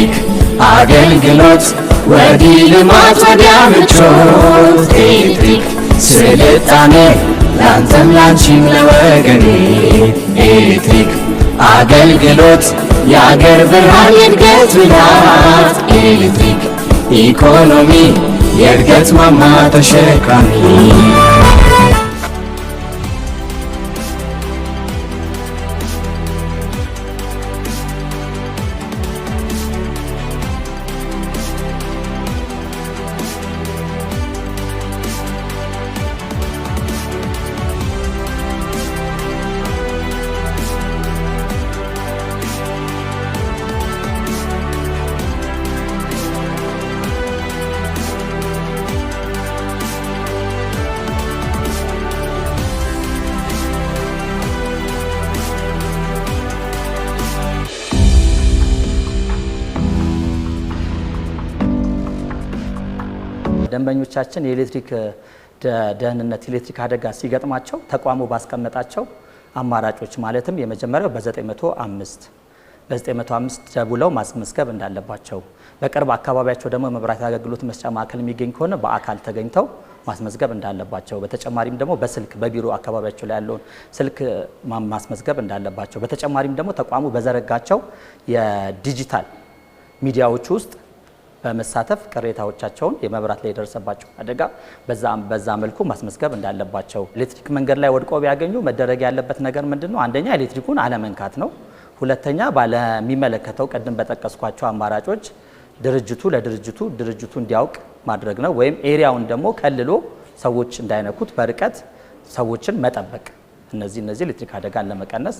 ቴክ አገልግሎት ወዲህ ልማት ወዲያ ምቾት ኤሌክትሪክ ስልጣኔ ላንተም ላንቺም ለወገኔ ኤሌክትሪክ አገልግሎት የአገር ብርሃን የእድገት ብላት ኤሌክትሪክ ኢኮኖሚ የእድገት ማማ ተሸካሚ ደንበኞቻችን የኤሌክትሪክ ደህንነት ኤሌክትሪክ አደጋ ሲገጥማቸው ተቋሙ ባስቀመጣቸው አማራጮች ማለትም የመጀመሪያው በ905 በ905 ደውለው ማስመዝገብ እንዳለባቸው፣ በቅርብ አካባቢያቸው ደግሞ መብራት አገልግሎት መስጫ ማዕከል የሚገኝ ከሆነ በአካል ተገኝተው ማስመዝገብ እንዳለባቸው፣ በተጨማሪም ደግሞ በስልክ በቢሮ አካባቢያቸው ላይ ያለውን ስልክ ማስመዝገብ እንዳለባቸው፣ በተጨማሪም ደግሞ ተቋሙ በዘረጋቸው የዲጂታል ሚዲያዎች ውስጥ በመሳተፍ ቅሬታዎቻቸውን የመብራት ላይ የደረሰባቸው አደጋ በዛ መልኩ ማስመዝገብ እንዳለባቸው፣ ኤሌክትሪክ መንገድ ላይ ወድቆ ቢያገኙ መደረግ ያለበት ነገር ምንድን ነው? አንደኛ ኤሌክትሪኩን አለመንካት ነው። ሁለተኛ ባለሚመለከተው ቅድም በጠቀስኳቸው አማራጮች ድርጅቱ ለድርጅቱ ድርጅቱ እንዲያውቅ ማድረግ ነው። ወይም ኤሪያውን ደግሞ ከልሎ ሰዎች እንዳይነኩት በርቀት ሰዎችን መጠበቅ እነዚህ እነዚህ ኤሌክትሪክ አደጋን ለመቀነስ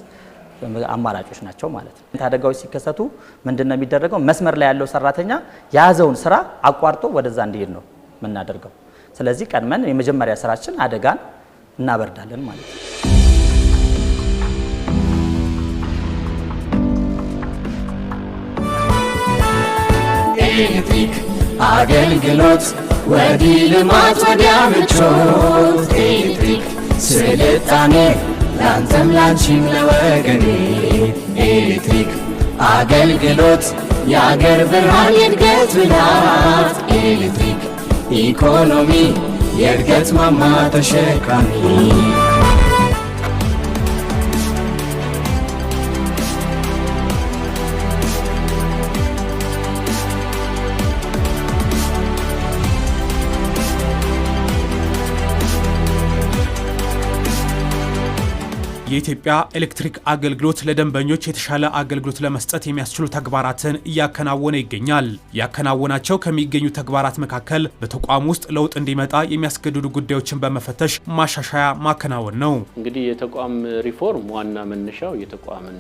አማራጮች ናቸው ማለት ነው። አደጋዎች ሲከሰቱ ምንድነው የሚደረገው? መስመር ላይ ያለው ሰራተኛ የያዘውን ስራ አቋርጦ ወደዛ እንዲሄድ ነው የምናደርገው። ስለዚህ ቀድመን የመጀመሪያ ስራችን አደጋን እናበርዳለን ማለት ነው። ኤሌክትሪክ አገልግሎት ወዲህ ልማት ወዲያ ምቾት ኤሌክትሪክ ስልጣኔ ለአንተም ላንቺም ለወገኔ ኤሌክትሪክ አገልግሎት የአገር ብርሃን የእድገት ብላት ኤሌክትሪክ ኢኮኖሚ የእድገት ማማ ተሸካሚ የኢትዮጵያ ኤሌክትሪክ አገልግሎት ለደንበኞች የተሻለ አገልግሎት ለመስጠት የሚያስችሉ ተግባራትን እያከናወነ ይገኛል። እያከናወናቸው ከሚገኙ ተግባራት መካከል በተቋም ውስጥ ለውጥ እንዲመጣ የሚያስገድዱ ጉዳዮችን በመፈተሽ ማሻሻያ ማከናወን ነው። እንግዲህ የተቋም ሪፎርም ዋና መነሻው የተቋምን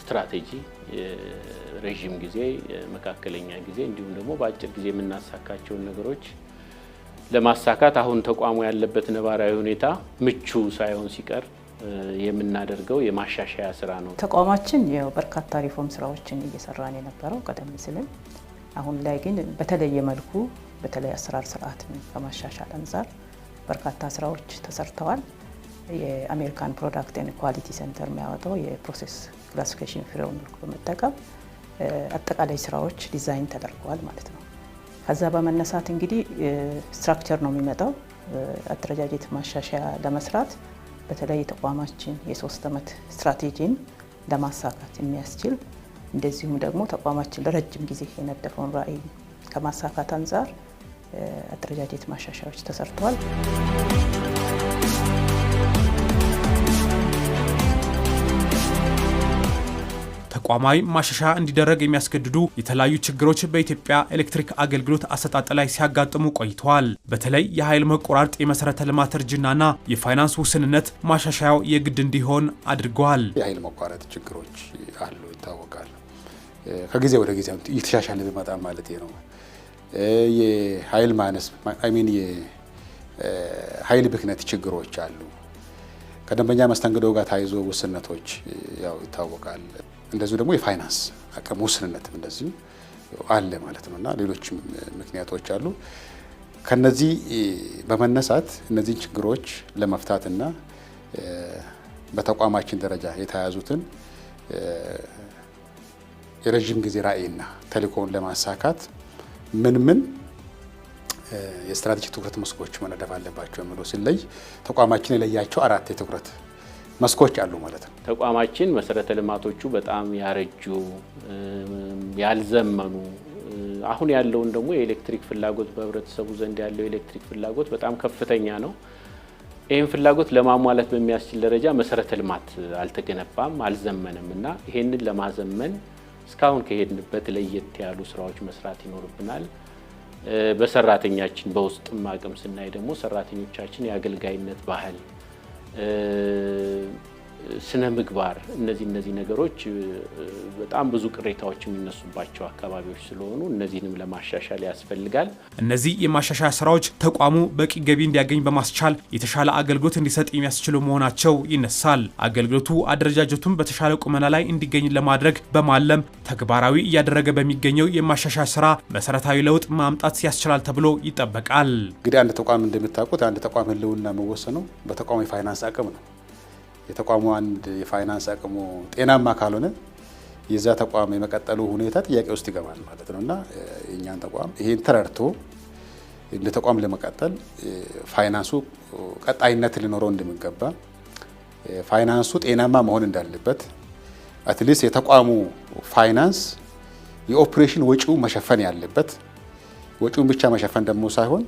ስትራቴጂ ረዥም ጊዜ፣ መካከለኛ ጊዜ እንዲሁም ደግሞ በአጭር ጊዜ የምናሳካቸውን ነገሮች ለማሳካት አሁን ተቋሙ ያለበት ነባራዊ ሁኔታ ምቹ ሳይሆን ሲቀር የምናደርገው የማሻሻያ ስራ ነው። ተቋማችን በርካታ ሪፎርም ስራዎችን እየሰራን የነበረው ቀደም ሲልም። አሁን ላይ ግን በተለየ መልኩ በተለይ አሰራር ስርዓትን ከማሻሻል አንጻር በርካታ ስራዎች ተሰርተዋል። የአሜሪካን ፕሮዳክት ኤንድ ኳሊቲ ሴንተር የሚያወጣው የፕሮሴስ ክላሲፊኬሽን ፍሬምወርክ በመጠቀም አጠቃላይ ስራዎች ዲዛይን ተደርገዋል ማለት ነው። ከዛ በመነሳት እንግዲህ ስትራክቸር ነው የሚመጣው አደረጃጀት ማሻሻያ ለመስራት በተለይ የተቋማችን የሶስት ዓመት ስትራቴጂን ለማሳካት የሚያስችል እንደዚሁም ደግሞ ተቋማችን ለረጅም ጊዜ የነደፈውን ራዕይ ከማሳካት አንጻር አደረጃጀት ማሻሻያዎች ተሰርተዋል። ተቋማዊ ማሻሻያ እንዲደረግ የሚያስገድዱ የተለያዩ ችግሮች በኢትዮጵያ ኤሌክትሪክ አገልግሎት አሰጣጥ ላይ ሲያጋጥሙ ቆይተዋል። በተለይ የኃይል መቆራረጥ፣ የመሰረተ ልማት እርጅናና የፋይናንስ ውስንነት ማሻሻያው የግድ እንዲሆን አድርገዋል። የኃይል መቋረጥ ችግሮች አሉ ይታወቃል። ከጊዜ ወደ ጊዜ እየተሻሻለ ቢመጣ ማለት ነው። የኃይል ማነስ ሚን የኃይል ብክነት ችግሮች አሉ። ከደንበኛ መስተንግዶ ጋር ታይዞ ውስንነቶች ያው ይታወቃል። እንደዚሁ ደግሞ የፋይናንስ አቅም ውስንነትም እንደዚሁ አለ ማለት ነው እና ሌሎችም ምክንያቶች አሉ። ከነዚህ በመነሳት እነዚህን ችግሮች ለመፍታትና በተቋማችን ደረጃ የተያዙትን የረዥም ጊዜ ራዕይና ተልዕኮውን ለማሳካት ምን ምን የስትራቴጂ ትኩረት መስኮች መነደፍ አለባቸው የሚለው ሲለይ ተቋማችን የለያቸው አራት የትኩረት መስኮች አሉ ማለት ነው። ተቋማችን መሰረተ ልማቶቹ በጣም ያረጁ፣ ያልዘመኑ አሁን ያለውን ደግሞ የኤሌክትሪክ ፍላጎት በህብረተሰቡ ዘንድ ያለው የኤሌክትሪክ ፍላጎት በጣም ከፍተኛ ነው። ይህን ፍላጎት ለማሟላት በሚያስችል ደረጃ መሰረተ ልማት አልተገነባም፣ አልዘመንም እና ይሄንን ለማዘመን እስካሁን ከሄድንበት ለየት ያሉ ስራዎች መስራት ይኖርብናል። በሰራተኛችን በውስጥም አቅም ስናይ ደግሞ ሰራተኞቻችን የአገልጋይነት ባህል えー ስነ ምግባር፣ እነዚህ እነዚህ ነገሮች በጣም ብዙ ቅሬታዎች የሚነሱባቸው አካባቢዎች ስለሆኑ እነዚህንም ለማሻሻል ያስፈልጋል። እነዚህ የማሻሻያ ስራዎች ተቋሙ በቂ ገቢ እንዲያገኝ በማስቻል የተሻለ አገልግሎት እንዲሰጥ የሚያስችሉ መሆናቸው ይነሳል። አገልግሎቱ አደረጃጀቱን በተሻለ ቁመና ላይ እንዲገኝ ለማድረግ በማለም ተግባራዊ እያደረገ በሚገኘው የማሻሻያ ስራ መሰረታዊ ለውጥ ማምጣት ያስችላል ተብሎ ይጠበቃል። እንግዲህ አንድ ተቋም እንደምታውቁት አንድ ተቋም ህልውና መወሰኑ በተቋሙ የፋይናንስ አቅም ነው። የተቋሙ አንድ የፋይናንስ አቅሙ ጤናማ ካልሆነ የዛ ተቋም የመቀጠሉ ሁኔታ ጥያቄ ውስጥ ይገባል ማለት ነው እና የእኛን ተቋም ይሄን ተረድቶ እንደ ተቋም ለመቀጠል ፋይናንሱ ቀጣይነት ሊኖረው እንደሚገባ ፋይናንሱ ጤናማ መሆን እንዳለበት አትሊስት የተቋሙ ፋይናንስ የኦፕሬሽን ወጪው መሸፈን ያለበት ወጪውን ብቻ መሸፈን ደግሞ ሳይሆን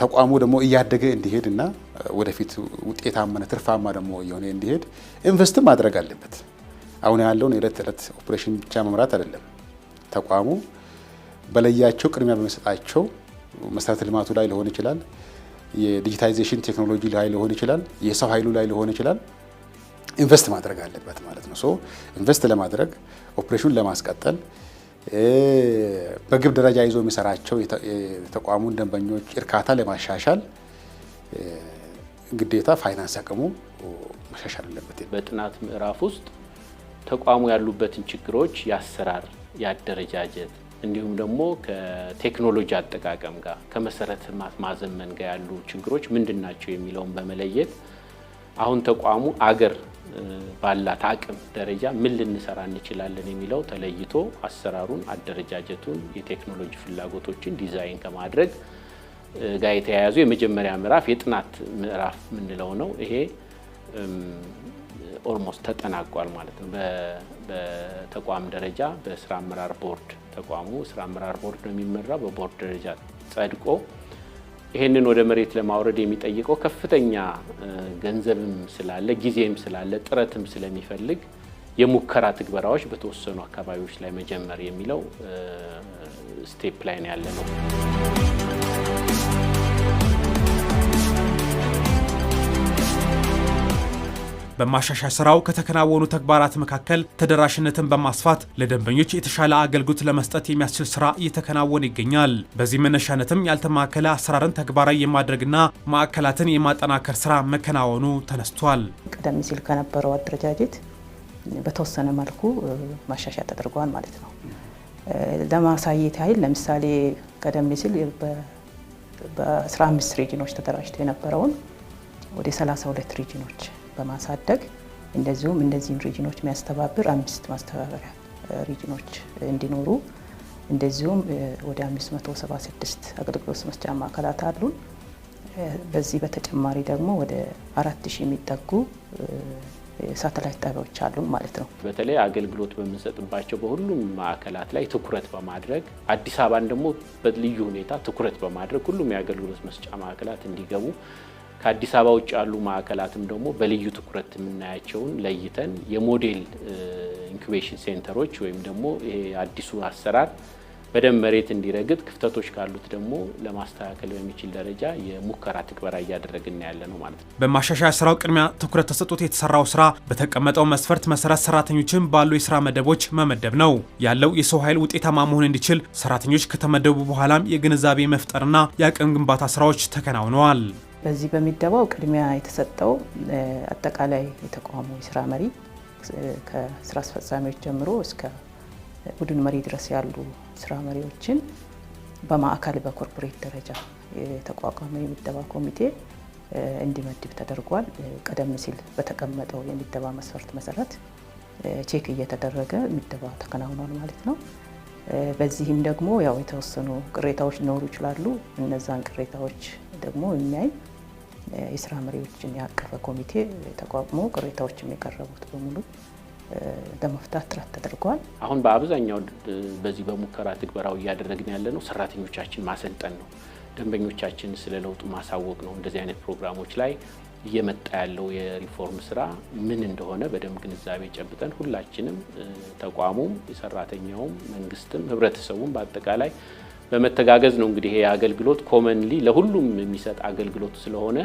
ተቋሙ ደግሞ እያደገ እንዲሄድ እና ወደፊት ውጤታማና ትርፋማ ደግሞ የሆነ እንዲሄድ ኢንቨስት ማድረግ አለበት። አሁን ያለውን የዕለት ተዕለት ኦፕሬሽን ብቻ መምራት አይደለም። ተቋሙ በለያቸው ቅድሚያ በመሰጣቸው መሰረተ ልማቱ ላይ ሊሆን ይችላል፣ የዲጂታይዜሽን ቴክኖሎጂ ላይ ሊሆን ይችላል፣ የሰው ኃይሉ ላይ ሊሆን ይችላል ኢንቨስት ማድረግ አለበት ማለት ነው። ሶ ኢንቨስት ለማድረግ ኦፕሬሽኑን ለማስቀጠል በግብ ደረጃ ይዞ የሚሰራቸው የተቋሙን ደንበኞች እርካታ ለማሻሻል ግዴታ ፋይናንስ አቅሙ መሻሻል አለበት። በጥናት ምዕራፍ ውስጥ ተቋሙ ያሉበትን ችግሮች የአሰራር፣ የአደረጃጀት እንዲሁም ደግሞ ከቴክኖሎጂ አጠቃቀም ጋር ከመሰረተ ልማት ማዘመን ጋር ያሉ ችግሮች ምንድን ናቸው የሚለውን በመለየት አሁን ተቋሙ አገር ባላት አቅም ደረጃ ምን ልንሰራ እንችላለን የሚለው ተለይቶ አሰራሩን፣ አደረጃጀቱን፣ የቴክኖሎጂ ፍላጎቶችን ዲዛይን ከማድረግ ጋር የተያያዙ የመጀመሪያ ምዕራፍ የጥናት ምዕራፍ የምንለው ነው። ይሄ ኦልሞስት ተጠናቋል ማለት ነው። በተቋም ደረጃ በስራ አመራር ቦርድ ተቋሙ ስራ አመራር ቦርድ ነው የሚመራው። በቦርድ ደረጃ ጸድቆ ይህንን ወደ መሬት ለማውረድ የሚጠይቀው ከፍተኛ ገንዘብም ስላለ ጊዜም ስላለ ጥረትም ስለሚፈልግ የሙከራ ትግበራዎች በተወሰኑ አካባቢዎች ላይ መጀመር የሚለው ስቴፕ ላይን ያለ ነው። በማሻሻያ ስራው ከተከናወኑ ተግባራት መካከል ተደራሽነትን በማስፋት ለደንበኞች የተሻለ አገልግሎት ለመስጠት የሚያስችል ስራ እየተከናወነ ይገኛል። በዚህ መነሻነትም ያልተማከለ አሰራርን ተግባራዊ የማድረግና ማዕከላትን የማጠናከር ስራ መከናወኑ ተነስቷል። ቀደም ሲል ከነበረው አደረጃጀት በተወሰነ መልኩ ማሻሻያ ተደርገዋል ማለት ነው። ለማሳየት ያህል ለምሳሌ ቀደም ሲል በ15 ሪጅኖች ተደራጅቶ የነበረውን ወደ 32 ሪጅኖች በማሳደግ እንደዚሁም እነዚህን ሪጅኖች የሚያስተባብር አምስት ማስተባበሪያ ሪጅኖች እንዲኖሩ እንደዚሁም ወደ 576 አገልግሎት መስጫ ማዕከላት አሉን። በዚህ በተጨማሪ ደግሞ ወደ አራት የሚጠጉ ሳተላይት ጣቢያዎች አሉን ማለት ነው። በተለይ አገልግሎት በምንሰጥባቸው በሁሉም ማዕከላት ላይ ትኩረት በማድረግ አዲስ አበባን ደግሞ በልዩ ሁኔታ ትኩረት በማድረግ ሁሉም የአገልግሎት መስጫ ማዕከላት እንዲገቡ ከአዲስ አበባ ውጭ ያሉ ማዕከላትም ደግሞ በልዩ ትኩረት የምናያቸውን ለይተን የሞዴል ኢንኩቤሽን ሴንተሮች ወይም ደግሞ አዲሱ አሰራር በደንብ መሬት እንዲረግጥ ክፍተቶች ካሉት ደግሞ ለማስተካከል በሚችል ደረጃ የሙከራ ትግበራ እያደረግን ያለ ነው ማለት ነው። በማሻሻያ ስራው ቅድሚያ ትኩረት ተሰጥቶት የተሰራው ስራ በተቀመጠው መስፈርት መሰረት ሰራተኞችን ባሉ የስራ መደቦች መመደብ ነው። ያለው የሰው ኃይል ውጤታማ መሆን እንዲችል ሰራተኞች ከተመደቡ በኋላም የግንዛቤ መፍጠርና የአቅም ግንባታ ስራዎች ተከናውነዋል። በዚህ በሚደባው ቅድሚያ የተሰጠው አጠቃላይ የተቋሙ የስራ መሪ ከስራ አስፈጻሚዎች ጀምሮ እስከ ቡድን መሪ ድረስ ያሉ ስራ መሪዎችን በማዕከል በኮርፖሬት ደረጃ የተቋቋመ የሚደባ ኮሚቴ እንዲመድብ ተደርጓል። ቀደም ሲል በተቀመጠው የሚደባ መስፈርት መሰረት ቼክ እየተደረገ የሚደባ ተከናውኗል ማለት ነው። በዚህም ደግሞ ያው የተወሰኑ ቅሬታዎች ሊኖሩ ይችላሉ። እነዛን ቅሬታዎች ደግሞ የሚያይ የስራ መሪዎችን ያቀፈ ኮሚቴ ተቋቁሞ ቅሬታዎች የቀረቡት በሙሉ ለመፍታት ጥረት ተደርገዋል። አሁን በአብዛኛው በዚህ በሙከራ ትግበራው እያደረግን ያለ ነው ሰራተኞቻችን ማሰልጠን ነው፣ ደንበኞቻችን ስለ ለውጡ ማሳወቅ ነው። እንደዚህ አይነት ፕሮግራሞች ላይ እየመጣ ያለው የሪፎርም ስራ ምን እንደሆነ በደንብ ግንዛቤ ጨብጠን ሁላችንም ተቋሙም፣ ሰራተኛውም፣ መንግስትም፣ ህብረተሰቡም በአጠቃላይ በመተጋገዝ ነው እንግዲህ ይሄ አገልግሎት ኮመንሊ ለሁሉም የሚሰጥ አገልግሎት ስለሆነ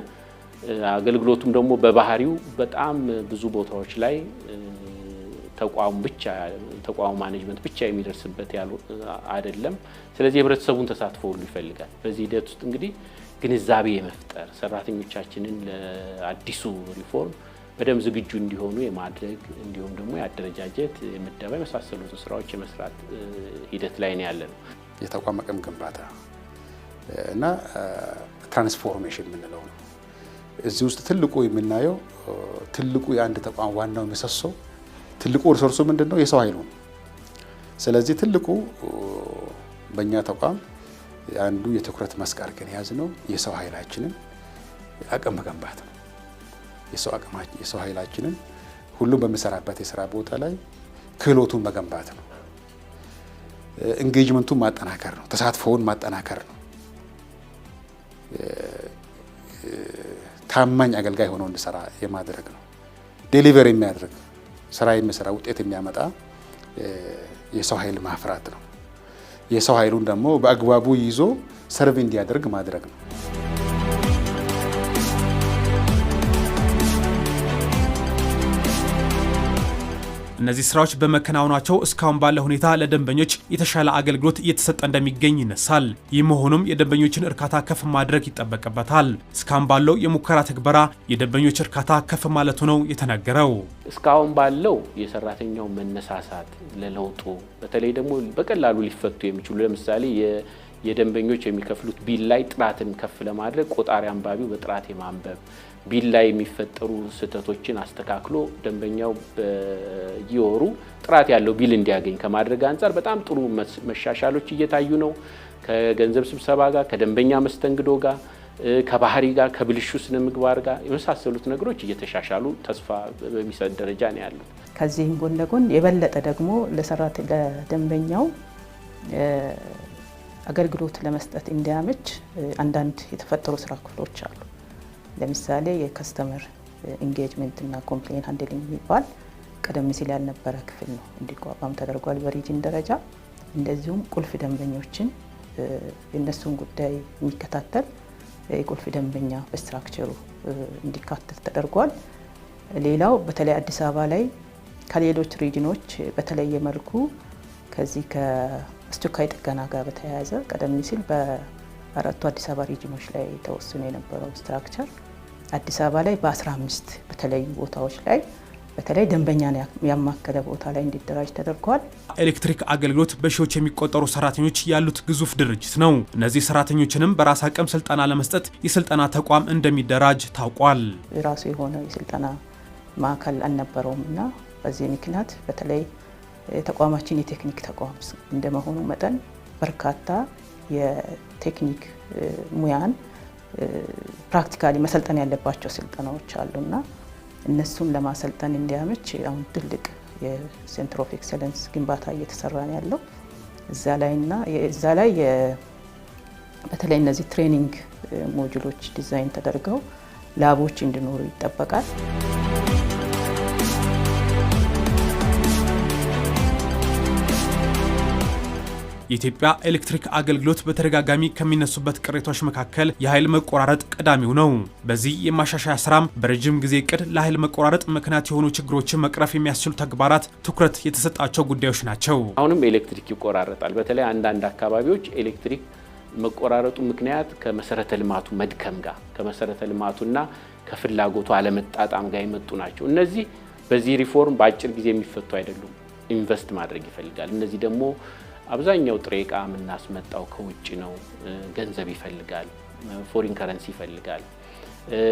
አገልግሎቱም ደግሞ በባህሪው በጣም ብዙ ቦታዎች ላይ ተቋሙ ብቻ ተቋሙ ማኔጅመንት ብቻ የሚደርስበት ያሉ አይደለም። ስለዚህ ህብረተሰቡን ተሳትፎ ሁሉ ይፈልጋል። በዚህ ሂደት ውስጥ እንግዲህ ግንዛቤ የመፍጠር ሰራተኞቻችንን ለአዲሱ ሪፎርም በደንብ ዝግጁ እንዲሆኑ የማድረግ እንዲሁም ደግሞ የአደረጃጀት፣ የምደባ የመሳሰሉትን ስራዎች የመስራት ሂደት ላይ ነው ያለ ነው። የተቋም አቅም ግንባታ እና ትራንስፎርሜሽን የምንለው ነው። እዚህ ውስጥ ትልቁ የምናየው ትልቁ የአንድ ተቋም ዋናው ምሰሶ ትልቁ ሪሶርሱ ምንድን ነው? የሰው ኃይሉ ነው። ስለዚህ ትልቁ በእኛ ተቋም አንዱ የትኩረት መስክ አድርገን የያዝነው የሰው ኃይላችንን አቅም መገንባት ነው። የሰው ኃይላችንን ሁሉም በሚሰራበት የስራ ቦታ ላይ ክህሎቱን መገንባት ነው። ኢንጌጅመንቱን ማጠናከር ነው፣ ተሳትፎውን ማጠናከር ነው። ታማኝ አገልጋይ ሆኖ እንዲሰራ የማድረግ ነው። ዴሊቨር የሚያደርግ ስራ የሚሰራ ውጤት የሚያመጣ የሰው ኃይል ማፍራት ነው። የሰው ኃይሉን ደግሞ በአግባቡ ይዞ ሰርቭ እንዲያደርግ ማድረግ ነው። እነዚህ ስራዎች በመከናወናቸው እስካሁን ባለ ሁኔታ ለደንበኞች የተሻለ አገልግሎት እየተሰጠ እንደሚገኝ ይነሳል። ይህ መሆኑም የደንበኞችን እርካታ ከፍ ማድረግ ይጠበቅበታል። እስካሁን ባለው የሙከራ ትግበራ የደንበኞች እርካታ ከፍ ማለቱ ነው የተነገረው። እስካሁን ባለው የሰራተኛው መነሳሳት ለለውጡ በተለይ ደግሞ በቀላሉ ሊፈቱ የሚችሉ ለምሳሌ የደንበኞች የሚከፍሉት ቢል ላይ ጥራትን ከፍ ለማድረግ ቆጣሪ አንባቢው በጥራት የማንበብ ቢል ላይ የሚፈጠሩ ስህተቶችን አስተካክሎ ደንበኛው በየወሩ ጥራት ያለው ቢል እንዲያገኝ ከማድረግ አንጻር በጣም ጥሩ መሻሻሎች እየታዩ ነው። ከገንዘብ ስብሰባ ጋር፣ ከደንበኛ መስተንግዶ ጋር፣ ከባህሪ ጋር፣ ከብልሹ ስነ ምግባር ጋር የመሳሰሉት ነገሮች እየተሻሻሉ ተስፋ በሚሰጥ ደረጃ ነው ያሉት። ከዚህም ጎን ለጎን የበለጠ ደግሞ ለሰራት ለደንበኛው አገልግሎት ለመስጠት እንዲያመች አንዳንድ የተፈጠሩ ስራ ክፍሎች አሉ። ለምሳሌ የከስተመር ኢንጌጅመንት eh, እና ኮምፕሌን ሀንድሊንግ የሚባል ቀደም ሲል ያልነበረ ክፍል ነው እንዲቋቋም ተደርጓል በሪጅን ደረጃ። እንደዚሁም ቁልፍ ደንበኞችን eh, የእነሱን ጉዳይ የሚከታተል የቁልፍ ደንበኛ በስትራክቸሩ eh, እንዲካተት ተደርጓል። ሌላው በተለይ አዲስ አበባ ላይ ከሌሎች ሪጅኖች በተለየ መልኩ ከዚህ ከአስቸኳይ ጥገና ጋር በተያያዘ ቀደም ሲል በአራቱ አዲስ አበባ ሪጅኖች ላይ ተወስኖ የነበረው ስትራክቸር አዲስ አበባ ላይ በ15 በተለያዩ ቦታዎች ላይ በተለይ ደንበኛን ያማከለ ቦታ ላይ እንዲደራጅ ተደርጓል። ኤሌክትሪክ አገልግሎት በሺዎች የሚቆጠሩ ሰራተኞች ያሉት ግዙፍ ድርጅት ነው። እነዚህ ሰራተኞችንም በራስ አቅም ስልጠና ለመስጠት የስልጠና ተቋም እንደሚደራጅ ታውቋል። የራሱ የሆነ የስልጠና ማዕከል አልነበረውም እና በዚህ ምክንያት በተለይ ተቋማችን የቴክኒክ ተቋም እንደመሆኑ መጠን በርካታ የቴክኒክ ሙያን ፕራክቲካሊ መሰልጠን ያለባቸው ስልጠናዎች አሉና እነሱን ለማሰልጠን እንዲያመች አሁን ትልቅ የሴንትር ኦፍ ኤክሰለንስ ግንባታ እየተሰራ ነው ያለው እዛ ላይ እዛ ላይ በተለይ እነዚህ ትሬኒንግ ሞጁሎች ዲዛይን ተደርገው ላቦች እንዲኖሩ ይጠበቃል። የኢትዮጵያ ኤሌክትሪክ አገልግሎት በተደጋጋሚ ከሚነሱበት ቅሬታዎች መካከል የኃይል መቆራረጥ ቀዳሚው ነው። በዚህ የማሻሻያ ስራም በረጅም ጊዜ እቅድ ለኃይል መቆራረጥ ምክንያት የሆኑ ችግሮችን መቅረፍ የሚያስችሉ ተግባራት ትኩረት የተሰጣቸው ጉዳዮች ናቸው። አሁንም ኤሌክትሪክ ይቆራረጣል። በተለይ አንዳንድ አካባቢዎች ኤሌክትሪክ መቆራረጡ ምክንያት ከመሰረተ ልማቱ መድከም ጋር ከመሰረተ ልማቱና ከፍላጎቱ አለመጣጣም ጋር የመጡ ናቸው። እነዚህ በዚህ ሪፎርም በአጭር ጊዜ የሚፈቱ አይደሉም። ኢንቨስት ማድረግ ይፈልጋል። እነዚህ ደግሞ አብዛኛው ጥሬ እቃ የምናስመጣው ከውጭ ነው። ገንዘብ ይፈልጋል፣ ፎሪን ከረንሲ ይፈልጋል።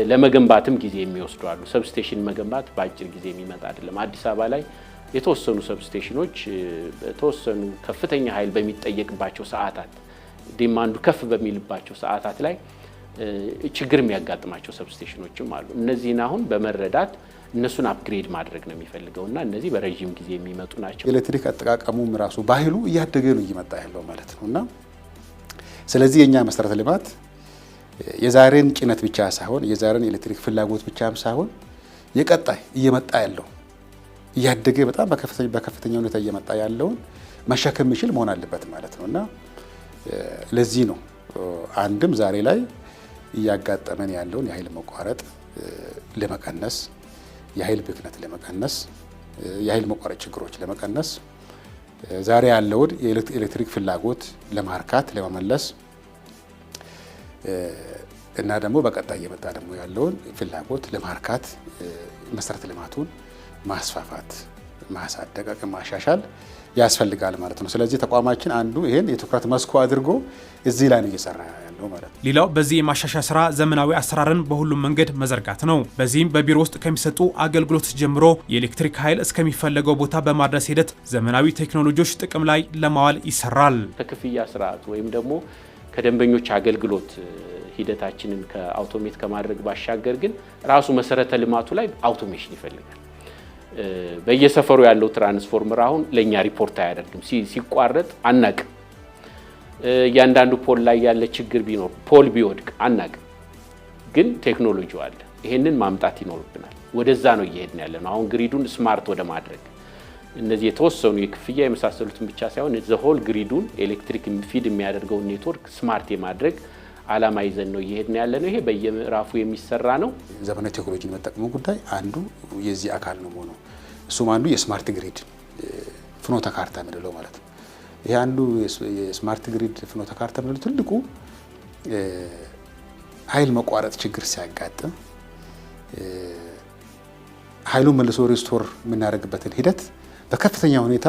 ለመገንባትም ጊዜ የሚወስዱ አሉ። ሰብስቴሽን መገንባት በአጭር ጊዜ የሚመጣ አይደለም። አዲስ አበባ ላይ የተወሰኑ ሰብስቴሽኖች በተወሰኑ ከፍተኛ ኃይል በሚጠየቅባቸው ሰዓታት፣ ዲማንዱ ከፍ በሚልባቸው ሰዓታት ላይ ችግር የሚያጋጥማቸው ሰብስቴሽኖችም አሉ። እነዚህን አሁን በመረዳት እነሱን አፕግሬድ ማድረግ ነው የሚፈልገው እና እነዚህ በረዥም ጊዜ የሚመጡ ናቸው። ኤሌክትሪክ አጠቃቀሙም ራሱ ባህሉ እያደገ ነው እየመጣ ያለው ማለት ነው እና ስለዚህ የእኛ መሰረተ ልማት የዛሬን ጭነት ብቻ ሳይሆን የዛሬን ኤሌክትሪክ ፍላጎት ብቻም ሳይሆን የቀጣይ እየመጣ ያለው እያደገ በጣም በከፍተኛ ሁኔታ እየመጣ ያለውን መሸከም የሚችል መሆን አለበት ማለት ነው እና ለዚህ ነው አንድም ዛሬ ላይ እያጋጠመን ያለውን የኃይል መቋረጥ ለመቀነስ የኃይል ብክነት ለመቀነስ የኃይል መቋረጥ ችግሮች ለመቀነስ ዛሬ ያለውን የኤሌክትሪክ ፍላጎት ለማርካት ለመመለስ እና ደግሞ በቀጣይ እየመጣ ደግሞ ያለውን ፍላጎት ለማርካት መሰረተ ልማቱን ማስፋፋት፣ ማሳደግ፣ አቅም ማሻሻል ያስፈልጋል ማለት ነው። ስለዚህ ተቋማችን አንዱ ይህን የትኩረት መስኩ አድርጎ እዚህ ላይ ነው እየሰራ ነው ማለት ነው። ሌላው በዚህ የማሻሻያ ስራ ዘመናዊ አሰራርን በሁሉም መንገድ መዘርጋት ነው። በዚህም በቢሮ ውስጥ ከሚሰጡ አገልግሎት ጀምሮ የኤሌክትሪክ ኃይል እስከሚፈለገው ቦታ በማድረስ ሂደት ዘመናዊ ቴክኖሎጂዎች ጥቅም ላይ ለማዋል ይሰራል። ከክፍያ ስርዓት ወይም ደግሞ ከደንበኞች አገልግሎት ሂደታችንን ከአውቶሜት ከማድረግ ባሻገር ግን ራሱ መሰረተ ልማቱ ላይ አውቶሜሽን ይፈልጋል። በየሰፈሩ ያለው ትራንስፎርመር አሁን ለእኛ ሪፖርት አያደርግም፣ ሲቋረጥ አናቅም። እያንዳንዱ ፖል ላይ ያለ ችግር ቢኖር ፖል ቢወድቅ አናቅም፣ ግን ቴክኖሎጂ አለ። ይሄንን ማምጣት ይኖርብናል። ወደዛ ነው እየሄድን ያለ ነው። አሁን ግሪዱን ስማርት ወደ ማድረግ እነዚህ የተወሰኑ የክፍያ የመሳሰሉትን ብቻ ሳይሆን ዘሆል ግሪዱን ኤሌክትሪክ ፊድ የሚያደርገውን ኔትወርክ ስማርት የማድረግ አላማ ይዘን ነው እየሄድን ያለ ነው። ይሄ በየምዕራፉ የሚሰራ ነው። ዘመናዊ ቴክኖሎጂን መጠቀሙ ጉዳይ አንዱ የዚህ አካል ነው ሆነው እሱም አንዱ የስማርት ግሪድ ፍኖተ ካርታ የምንለው ማለት ነው። ይሄ አንዱ የስማርት ግሪድ ፍኖተ ካርታ ምንለው ትልቁ ኃይል መቋረጥ ችግር ሲያጋጥም ኃይሉን መልሶ ሪስቶር የምናደርግበትን ሂደት በከፍተኛ ሁኔታ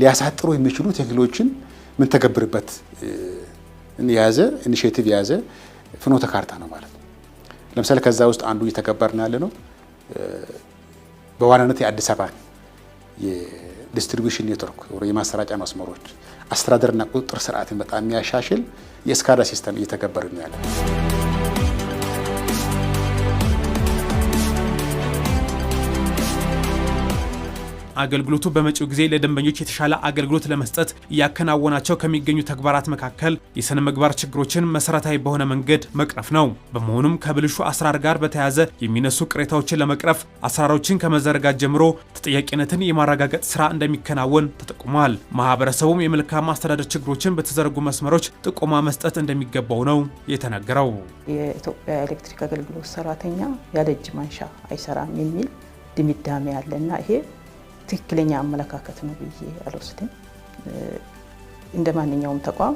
ሊያሳጥሩ የሚችሉ ቴክኖሎጂዎችን የምንተገብርበት የያዘ ኢኒሽቲቭ የያዘ ፍኖተ ካርታ ነው ማለት ነው። ለምሳሌ ከዛ ውስጥ አንዱ እየተገበርን ያለ ነው በዋናነት የአዲስ አበባ ዲስትሪቢሽን ኔትወርክ የማሰራጫ መስመሮች አስተዳደርና ቁጥጥር ስርዓትን በጣም የሚያሻሽል የስካዳ ሲስተም እየተገበርን ያለ አገልግሎቱ በመጪው ጊዜ ለደንበኞች የተሻለ አገልግሎት ለመስጠት እያከናወናቸው ከሚገኙ ተግባራት መካከል የሥነ ምግባር ችግሮችን መሰረታዊ በሆነ መንገድ መቅረፍ ነው። በመሆኑም ከብልሹ አሰራር ጋር በተያያዘ የሚነሱ ቅሬታዎችን ለመቅረፍ አሰራሮችን ከመዘረጋት ጀምሮ ተጠያቂነትን የማረጋገጥ ስራ እንደሚከናወን ተጠቁሟል። ማህበረሰቡም የመልካም አስተዳደር ችግሮችን በተዘረጉ መስመሮች ጥቆማ መስጠት እንደሚገባው ነው የተነገረው። የኢትዮጵያ ኤሌክትሪክ አገልግሎት ሰራተኛ ያለ እጅ ማንሻ አይሰራም የሚል ድምዳሜ አለና ይሄ ትክክለኛ አመለካከት ነው ብዬ አልወስድም። እንደ ማንኛውም ተቋም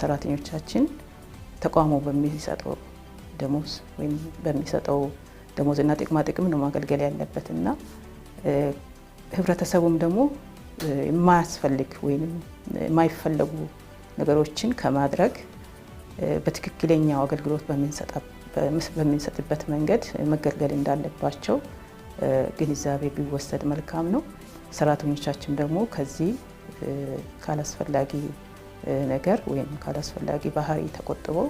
ሰራተኞቻችን ተቋሙ በሚሰጠው ደሞዝ ወይም በሚሰጠው ደሞዝና ጥቅማ ጥቅም ነው ማገልገል ያለበት እና ህብረተሰቡም ደግሞ የማያስፈልግ ወይም የማይፈለጉ ነገሮችን ከማድረግ በትክክለኛው አገልግሎት በምንሰጥበት መንገድ መገልገል እንዳለባቸው ግንዛቤ ቢወሰድ መልካም ነው። ሰራተኞቻችን ደግሞ ከዚህ ካላስፈላጊ ነገር ወይም ካላስፈላጊ ባህሪ ተቆጥበው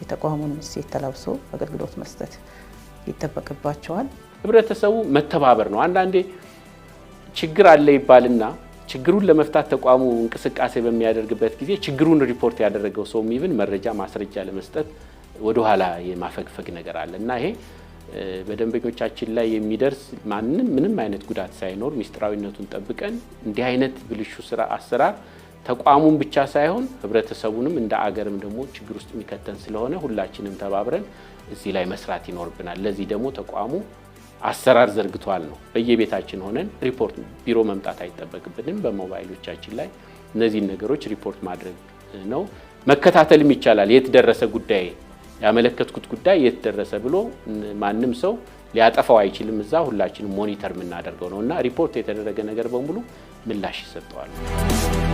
የተቋሙን እሴት ተላብሶ አገልግሎት መስጠት ይጠበቅባቸዋል። ህብረተሰቡ መተባበር ነው። አንዳንዴ ችግር አለ ይባልና ችግሩን ለመፍታት ተቋሙ እንቅስቃሴ በሚያደርግበት ጊዜ ችግሩን ሪፖርት ያደረገው ሰውም ኢቭን መረጃ ማስረጃ ለመስጠት ወደኋላ የማፈግፈግ ነገር አለ እና ይሄ በደንበኞቻችን ላይ የሚደርስ ማንም ምንም አይነት ጉዳት ሳይኖር ሚስጥራዊነቱን ጠብቀን እንዲህ አይነት ብልሹ ስራ አሰራር ተቋሙን ብቻ ሳይሆን ህብረተሰቡንም እንደ አገርም ደግሞ ችግር ውስጥ የሚከተን ስለሆነ ሁላችንም ተባብረን እዚህ ላይ መስራት ይኖርብናል። ለዚህ ደግሞ ተቋሙ አሰራር ዘርግቷል ነው። በየቤታችን ሆነን ሪፖርት ቢሮ መምጣት አይጠበቅብንም። በሞባይሎቻችን ላይ እነዚህን ነገሮች ሪፖርት ማድረግ ነው። መከታተልም ይቻላል የት ደረሰ ጉዳይ ያመለከትኩት ጉዳይ የት ደረሰ ብሎ ማንም ሰው ሊያጠፋው አይችልም። እዛ ሁላችንም ሞኒተር የምናደርገው ነው እና ሪፖርት የተደረገ ነገር በሙሉ ምላሽ ይሰጠዋል።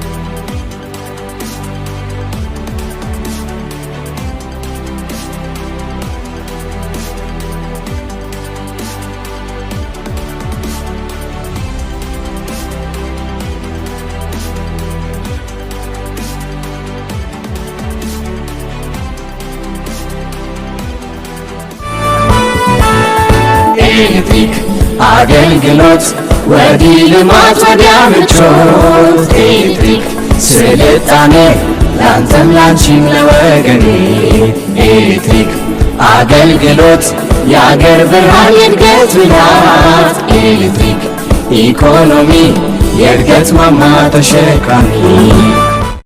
አገልግሎት ወዲህ ልማት ወዲያ ምቾት ኤሌክትሪክ ስልጣኔ ላንተም ላንቺም ለወገኔ ኤሌክትሪክ አገልግሎት የአገር ብርሃን የእድገት ብላት ኤሌክትሪክ ኢኮኖሚ የእድገት ማማ ተሸካሚ